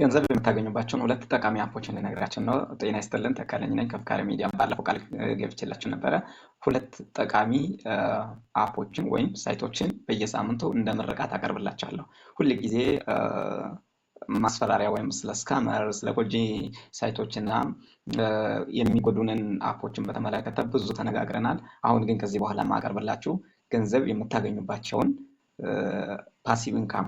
ገንዘብ የምታገኙባቸውን ሁለት ጠቃሚ አፖችን ልነግራችን ነው። ጤና ይስጥልን፣ ተካለኝ ነኝ ከፍካሪ ሚዲያ። ባለፈው ቃል ገብቼላችሁ ነበረ ሁለት ጠቃሚ አፖችን ወይም ሳይቶችን በየሳምንቱ እንደ ምርቃት አቀርብላችኋለሁ። ሁል ጊዜ ማስፈራሪያ ወይም ስለ ስካመር፣ ስለ ጎጂ ሳይቶችና የሚጎዱንን አፖችን በተመለከተ ብዙ ተነጋግረናል። አሁን ግን ከዚህ በኋላ ማቀርብላችሁ ገንዘብ የምታገኙባቸውን ፓሲቭ ኢንካም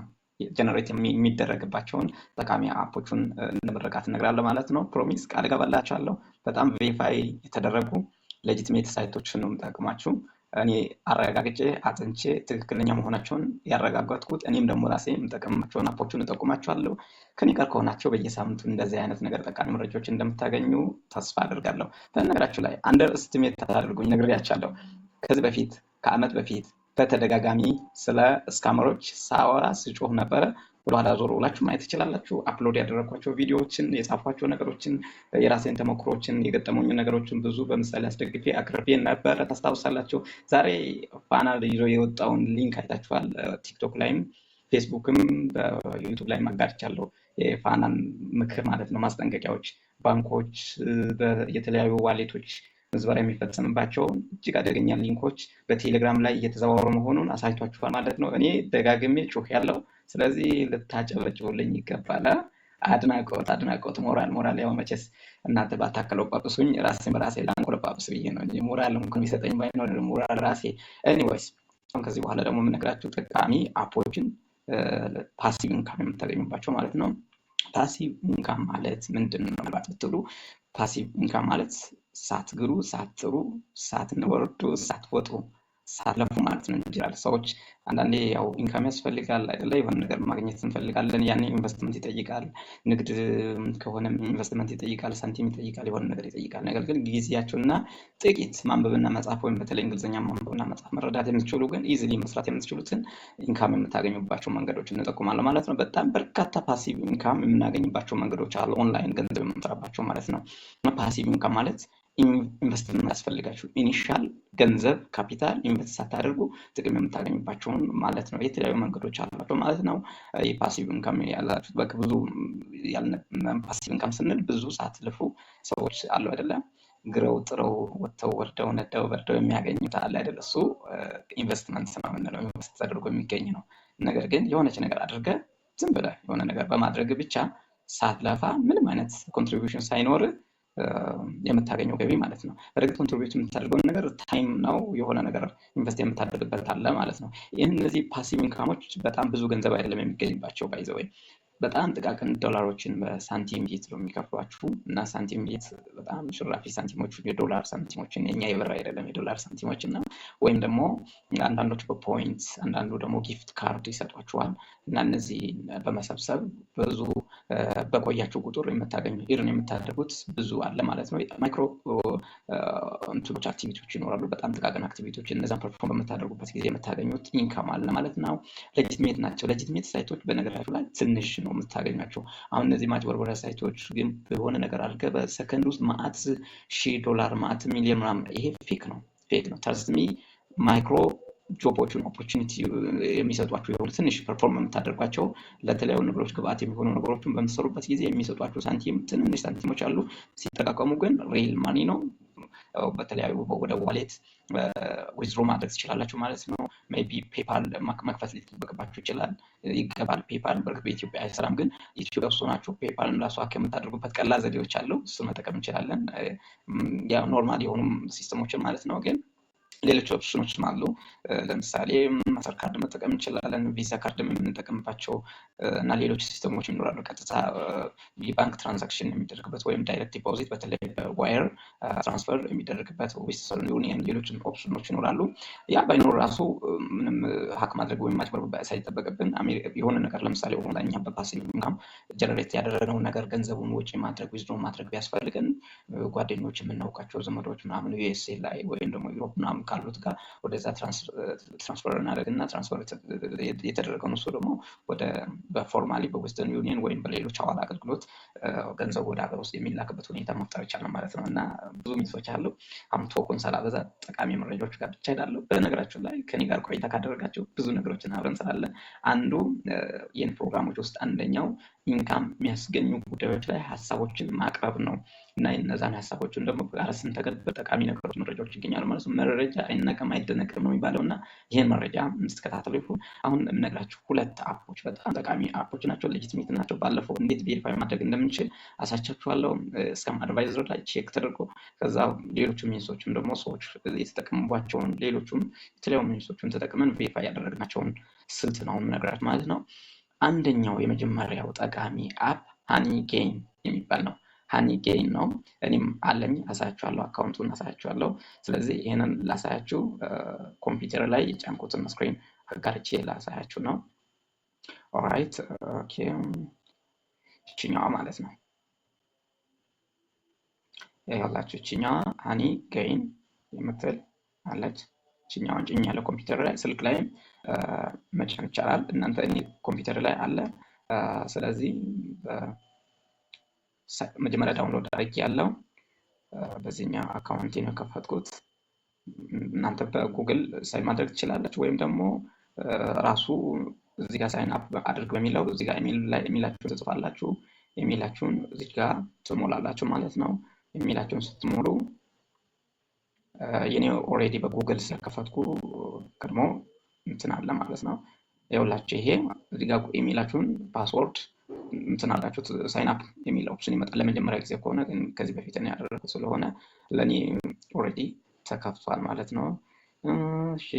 ጀነሬት የሚደረግባቸውን ጠቃሚ አፖቹን እንደምረቃት እነግራለሁ ማለት ነው። ፕሮሚስ ቃል ገባላችኋለሁ። በጣም ቬሪፋይ የተደረጉ ሌጂትሜት ሳይቶችን ነው የምጠቅማችሁ። እኔ አረጋግጬ አጥንቼ ትክክለኛ መሆናቸውን ያረጋገጥኩት እኔም ደግሞ ራሴ የምጠቀማቸውን አፖቹን እጠቁማችኋለሁ። ከኔ ጋር ከሆናቸው በየሳምንቱ እንደዚህ አይነት ነገር ጠቃሚ መረጃዎች እንደምታገኙ ተስፋ አድርጋለሁ። በነገራችሁ ላይ አንደር ስቲሜት አድርጉኝ ነግሬያቻለሁ። ከዚህ በፊት ከአመት በፊት በተደጋጋሚ ስለ ስካመሮች ሳወራ ስጮህ ነበረ። ወደኋላ ዞር ብላችሁ ማየት ትችላላችሁ። አፕሎድ ያደረግኳቸው ቪዲዮዎችን፣ የጻፏቸው ነገሮችን፣ የራሴን ተሞክሮችን፣ የገጠመኝ ነገሮችን ብዙ በምሳሌ አስደግፌ አቅርቤ ነበረ። ታስታውሳላችሁ። ዛሬ ፋና ይዞ የወጣውን ሊንክ አይታችኋል። ቲክቶክ ላይም ፌስቡክም በዩቱብ ላይም አጋርቻለሁ። የፋናን ምክር ማለት ነው፣ ማስጠንቀቂያዎች ባንኮች፣ የተለያዩ ዋሌቶች ምዝበራ የሚፈጸምባቸውን እጅግ አደገኛ ሊንኮች በቴሌግራም ላይ እየተዘዋወሩ መሆኑን አሳይቷችኋል ማለት ነው። እኔ ደጋግሜ ጩህ ያለው ስለዚህ ልታጨበጭቡልኝ ይገባል። አድናቆት አድናቆት፣ ሞራል ሞራል። ያው መቼስ እናንተ ባታከለጳጵሱኝ ራሴን በራሴ ላንቆለጳጵስ ብዬ ነው እ ሞራል እንኳን የሚሰጠኝ ባይኖር ሞራል ራሴ ኤኒዌይስ። ከዚህ በኋላ ደግሞ የምነግራችሁ ጠቃሚ አፖችን ፓሲቭ ኢንካም የምታገኙባቸው ማለት ነው ፓሲቭ ኢንካም ማለት ምንድን ነው ብትሉ ፓሲቭ ኢንካም ማለት ሳትግሩ ሳትጥሩ ሳትወርዱ ሳትወጡ ሳለፉ ማለት ነው እንዲላል ሰዎች አንዳንዴ ያው ኢንካም ያስፈልጋል አይደለ? የሆነ ነገር ማግኘት እንፈልጋለን። ያኔ ኢንቨስትመንት ይጠይቃል። ንግድ ከሆነ ኢንቨስትመንት ይጠይቃል፣ ሳንቲም ይጠይቃል፣ የሆነ ነገር ይጠይቃል። ነገር ግን ጊዜያቸውና ጥቂት ማንበብና መጻፍ ወይም በተለይ እንግሊዝኛ ማንበብና መጻፍ መረዳት የምትችሉ ግን ኢዝሊ መስራት የምትችሉትን ኢንካም የምታገኙባቸው መንገዶች እንጠቁማለን ማለት ነው። በጣም በርካታ ፓሲቭ ኢንካም የምናገኝባቸው መንገዶች አሉ። ኦንላይን ገንዘብ የምንሰራባቸው ማለት ነው። ፓሲቭ ኢንካም ማለት ኢንቨስትመንት ያስፈልጋችሁ። ኢኒሻል ገንዘብ ካፒታል ኢንቨስት ሳታደርጉ ጥቅም የምታገኝባቸውን ማለት ነው። የተለያዩ መንገዶች አሏቸው ማለት ነው። የፓሲቭ ኢንካም ያላችሁት በቃ ብዙ ፓሲቭ ኢንካም ስንል ብዙ ሳትልፉ ሰዎች አሉ አይደለም ግረው ጥረው ወጥተው ወርደው ነደው በርደው የሚያገኙት አለ አይደል? እሱ ኢንቨስትመንት ነው የምንለው። ኢንቨስት ተደርጎ የሚገኝ ነው። ነገር ግን የሆነች ነገር አድርገ ዝም ብለ የሆነ ነገር በማድረግ ብቻ ሳትለፋ ምንም አይነት ኮንትሪቢሽን ሳይኖርህ የምታገኘው ገቢ ማለት ነው። በእርግጥ ኮንትሪቢዩት የምታደርገውን ነገር ታይም ነው የሆነ ነገር ኢንቨስት የምታደርግበት አለ ማለት ነው። ይህን እነዚህ ፓሲቭ ኢንካሞች በጣም ብዙ ገንዘብ አይደለም የሚገኝባቸው ባይዘወይ በጣም ጥቃቅን ዶላሮችን በሳንቲም ቤት ነው የሚከፍሏችሁ እና ሳንቲም ቤት በጣም ሽራፊ ሳንቲሞች የዶላር ሳንቲሞችን የኛ የብር አይደለም የዶላር ሳንቲሞችን ነው። ወይም ደግሞ አንዳንዶች በፖይንት አንዳንዱ ደግሞ ጊፍት ካርድ ይሰጧችኋል እና እነዚህ በመሰብሰብ ብዙ በቆያችሁ ቁጥር የምታገኙ ርን የምታደርጉት ብዙ አለ ማለት ነው። ማይክሮ እንትኖች አክቲቪቲዎች ይኖራሉ። በጣም ጥቃቅን አክቲቪቲዎች እነዛን ፐርፎርም በምታደርጉበት ጊዜ የምታገኙት ኢንካም አለ ማለት ነው። ለጅትሜት ናቸው። ለጅትሜት ሳይቶች በነገራችሁ ላይ ትንሽ ነው የምታገኛቸው። አሁን እነዚህ ማጭበርበሪያ ሳይቶች ግን በሆነ ነገር አድርገህ በሰከንድ ውስጥ ማአት ሺህ ዶላር ማአት ሚሊዮን ምናምን፣ ይሄ ፌክ ነው ፌክ ነው። ተርስሚ ማይክሮ ጆቦቹን ኦፖርቹኒቲ eh, የሚሰጧቸው ትንሽ ፐርፎርም የምታደርጓቸው ለተለያዩ ነገሮች ግብአት የሚሆኑ ነገሮችን በምትሰሩበት ጊዜ የሚሰጧቸው ሳንቲም ትንንሽ ሳንቲሞች አሉ። ሲጠቃቀሙ ግን ሪል ማኒ ነው። በተለያዩ ወደ ዋሌት ዊዝሮ eh, ማድረግ ትችላላችሁ ማለት ነው። ሜይ ቢ ፔፓል መክፈት ሊጠበቅባችሁ ይችላል። ይገባል ፔፓል በእርግጥ በኢትዮጵያ አይሰራም፣ ግን ኢትዮጵያ ውስጥ ሆናችሁ ፔፓል እንዳሱ ሀክ የምታደርጉበት ቀላል ዘዴዎች አለው። እሱ መጠቀም እንችላለን። ኖርማል የሆኑ ሲስተሞችን ማለት ነው ግን ሌሎች ኦፕሽኖችም አሉ። ለምሳሌ ማስተር ካርድ መጠቀም እንችላለን። ቪዛ ካርድ የምንጠቀምባቸው እና ሌሎች ሲስተሞች ይኖራሉ። ቀጥታ የባንክ ትራንዛክሽን የሚደረግበት ወይም ዳይሬክት ዲፖዚት በተለይ በዋየር ትራንስፈር የሚደረግበት ዌስተርን ዩኒየን፣ ሌሎችም ኦፕሽኖች ይኖራሉ። ያ ባይኖር ራሱ ምንም ሀክ ማድረግ ወይም ማጭበርበር ሳይጠበቅብን የሆነ ነገር ለምሳሌ ኦንላይን በፓሲቭ ኢንካም ጀነሬት ያደረገውን ነገር ገንዘቡን ወጪ ማድረግ ዊዝድሮው ማድረግ ቢያስፈልገን ጓደኞች የምናውቃቸው ዘመዶች ምናምን ዩኤስኤ ላይ ወይም ደግሞ ዩሮፕ ምናምን ካሉት ጋር ወደዛ ትራንስፈር እናደርግና ትራንስፈር የተደረገውን እሱ ደግሞ በፎርማሊ በዌስተርን ዩኒየን ወይም በሌሎች አዋል አገልግሎት ገንዘቡ ወደ ሀገር ውስጥ የሚላክበት ሁኔታ መፍጠር ይቻላል ማለት ነው። እና ብዙ ሚቶች አሉ። አምቶ ኮንሰላ በዛ ጠቃሚ መረጃዎች ጋር ብቻ ሄዳለሁ። በነገራችን ላይ ከኔ ጋር ቆይታ ካደረጋቸው ብዙ ነገሮችን አብረን ስላለን አንዱ ይህን ፕሮግራሞች ውስጥ አንደኛው ኢንካም የሚያስገኙ ጉዳዮች ላይ ሀሳቦችን ማቅረብ ነው እና እነዛን ሀሳቦችን ደግሞ ስንተገበር ጠቃሚ ነገሮች፣ መረጃዎች ይገኛሉ ማለት ነው። መረጃ አይነቅም አይደነቅም ነው የሚባለው እና ይህን መረጃ ስትከታተሉ ይሁን። አሁን የምነግራቸው ሁለት አፖች በጣም ጠቃሚ አፖች ናቸው፣ ሌጂትሜት ናቸው። ባለፈው እንዴት ቬሪፋይ ማድረግ እንደምንችል እንደምንችል አሳቻችኋለሁ። እስከም አድቫይዘር ላይ ቼክ ተደርጎ ከዛ ሌሎቹ ሚኒስቶችም ደግሞ ሰዎች የተጠቀሙባቸውን ሌሎቹም የተለያዩ ሚንሶችን ተጠቅመን ቬሪፋይ ያደረግናቸውን ስልት ነው ነገራት ማለት ነው። አንደኛው የመጀመሪያው ጠቃሚ አፕ ሃኒ ጌን የሚባል ነው። ሃኒ ጌን ነው። እኔም አለኝ አሳያችኋለሁ፣ አካውንቱን አሳያችኋለሁ። ስለዚህ ይህንን ላሳያችሁ ኮምፒውተር ላይ የጫንኩትን ስክሪን አጋርቼ ላሳያችሁ ነው። ኦራይት ኦኬ እችኛዋ ማለት ነው። ያላችሁ እችኛዋ ሃኒ ገይን የምትል አለች። እችኛዋን ጭኝ ያለ ኮምፒውተር ላይ ስልክ ላይ መጫን ይቻላል። እናንተ እኔ ኮምፒውተር ላይ አለ። ስለዚህ መጀመሪያ ዳውንሎድ አድርጌ ያለው በዚህኛው አካውንቴ ነው የከፈትኩት። እናንተ በጉግል ሳይ ማድረግ ትችላለች ወይም ደግሞ ራሱ እዚህ ጋር ሳይን አፕ አድርግ በሚለው እዚህ ጋር ላይ ኢሜይላችሁን ትጽፋላችሁ። ኢሜይላችሁን እዚህ ጋር ትሞላላችሁ ማለት ነው። ኢሜይላችሁን ስትሞሉ የኔ ኦልሬዲ በጉግል ስለከፈትኩ ቀድሞ እንትን አለ ማለት ነው። ይኸውላችሁ ይሄ እዚህ ጋር ኢሜይላችሁን ፓስወርድ እንትን አላችሁት ሳይን አፕ የሚል ኦፕሽን ይመጣል። ለመጀመሪያ ጊዜ ከሆነ ግን ከዚህ በፊት ነው ያደረግኩት ስለሆነ ለእኔ ኦልሬዲ ተከፍቷል ማለት ነው። እሺ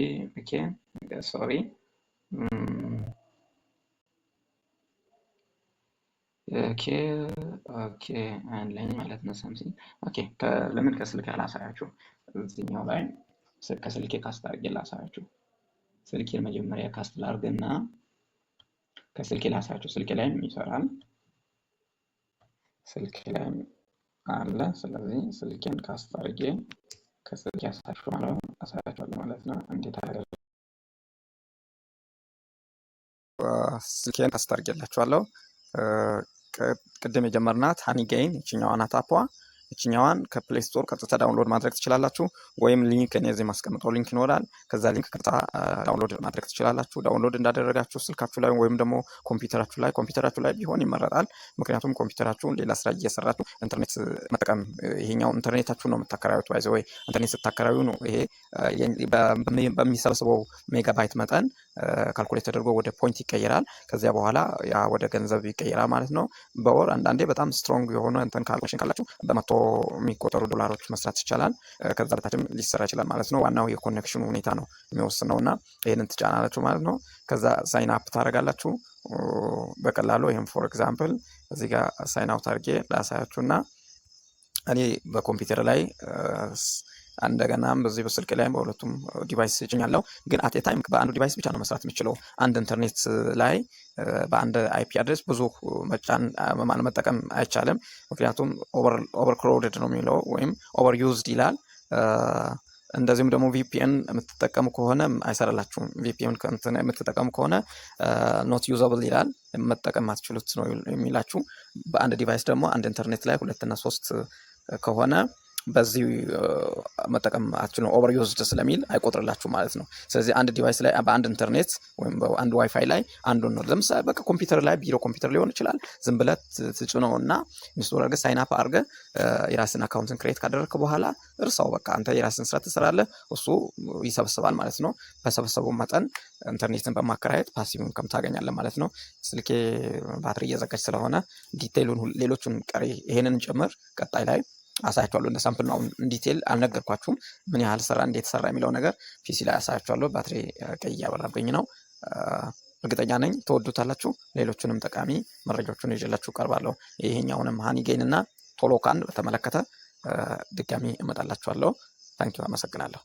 ኦኬ ሶሪ ኦኬ ኦኬ አለኝ ማለት ነው። ሳምሲንግ ኦኬ። ለምን ከስልክ አላሳያችሁ? እዚህኛው ላይ ከስልኬ ካስት አድርጌ ላሳያችሁ። ስልኬን መጀመሪያ ካስት ላድርግና ከስልኬ ላሳያችሁ። ስልኬ ላይም ይሰራል፣ ስልኬ ላይም አለ። ስለዚህ ስልኬን ካስት አድርጌ ከስልኬ አሳያችኋለሁ አሳያችኋለሁ ማለት ነው። እንዴት አለ ስልኬን ካስት አድርጌላችኋለሁ። ቅድም የጀመርናት ሀኒጌይን ይችኛዋ ናት አፖዋ እችኛዋን ከፕሌይ ስቶር ቀጥታ ዳውንሎድ ማድረግ ትችላላችሁ። ወይም ሊንክ እኔ እዚህ ማስቀምጠው ሊንክ ይኖራል። ከዛ ሊንክ ቀጥታ ዳውንሎድ ማድረግ ትችላላችሁ። ዳውንሎድ እንዳደረጋችሁ ስልካችሁ ላይ ወይም ደግሞ ኮምፒውተራችሁ ላይ ኮምፒውተራችሁ ላይ ቢሆን ይመረጣል። ምክንያቱም ኮምፒውተራችሁን ሌላ ስራ እየሰራችሁ ኢንተርኔት መጠቀም ይሄኛው ኢንተርኔታችሁ ነው የምታከራዩት። ይዘ ወይ ኢንተርኔት ስታከራዩ ነው ይሄ በሚሰበስበው ሜጋባይት መጠን ካልኩሌት ተደርጎ ወደ ፖይንት ይቀይራል። ከዚያ በኋላ ያ ወደ ገንዘብ ይቀይራል ማለት ነው። በወር አንዳንዴ በጣም ስትሮንግ የሆነ እንትን ካልኩሌሽን ካላችሁ በመቶ የሚቆጠሩ ዶላሮች መስራት ይቻላል። ከዛ በታችም ሊሰራ ይችላል ማለት ነው። ዋናው የኮኔክሽኑ ሁኔታ ነው የሚወስነው እና ይህንን ትጫናላችሁ ማለት ነው። ከዛ ሳይን አፕ ታደርጋላችሁ በቀላሉ ይህም ፎር ኤግዛምፕል እዚህ ጋር ሳይን አውት አድርጌ ላሳያችሁ እና እኔ በኮምፒውተር ላይ እንደገናም በዚህ በስልክ ላይ በሁለቱም ዲቫይስ ጭኛለሁ። ግን አት ታይም በአንዱ ዲቫይስ ብቻ ነው መስራት የምችለው። አንድ ኢንተርኔት ላይ በአንድ አይፒ አድሬስ ብዙ መጫን ማን መጠቀም አይቻልም። ምክንያቱም ኦቨርክሮውድድ ነው የሚለው ወይም ኦቨር ዩዝድ ይላል። እንደዚሁም ደግሞ ቪፒኤን የምትጠቀሙ ከሆነ አይሰራላችሁም። ቪፒኤን ከእንትን የምትጠቀሙ ከሆነ ኖት ዩዘብል ይላል፣ መጠቀም አትችሉት ነው የሚላችሁ። በአንድ ዲቫይስ ደግሞ አንድ ኢንተርኔት ላይ ሁለትና ሶስት ከሆነ በዚህ መጠቀም አትችሉም፣ ኦቨር ዩዝድ ስለሚል አይቆጥርላችሁ ማለት ነው። ስለዚህ አንድ ዲቫይስ ላይ በአንድ ኢንተርኔት ወይም በአንድ ዋይፋይ ላይ አንዱን ነው ለምሳሌ በቃ ኮምፒውተር ላይ ቢሮ ኮምፒውተር ሊሆን ይችላል። ዝም ብለህ ትጭነው እና ኢንስቶል አድርገህ ሳይናፕ አድርገህ የራስን አካውንትን ክሬት ካደረግክ በኋላ እርሳው በቃ አንተ የራስን ስራ ትሰራለህ፣ እሱ ይሰበስባል ማለት ነው። በሰበሰቡ መጠን ኢንተርኔትን በማከራየት ፓሲቭ ኢንከም ታገኛለህ ማለት ነው። ስልኬ ባትሪ እየዘጋች ስለሆነ ዲቴይሉን ሌሎቹን ቀሪ ይሄንን ጭምር ቀጣይ ላይ አሳያችኋለሁ። እንደ ሳምፕል ነው። አሁን ዲቴል አልነገርኳችሁም ምን ያህል ስራ እንዴት ሰራ የሚለው ነገር ፒሲ ላይ አሳያችኋለሁ። ባትሪ ቀይ እያበራብኝ ነው። እርግጠኛ ነኝ ትወዱታላችሁ። ሌሎቹንም ጠቃሚ መረጃዎቹን ይዤላችሁ ቀርባለሁ። ይሄኛውንም ሃኒጌን እና ቶሎካን በተመለከተ ድጋሚ እመጣላችኋለሁ። ታንኪዩ፣ አመሰግናለሁ።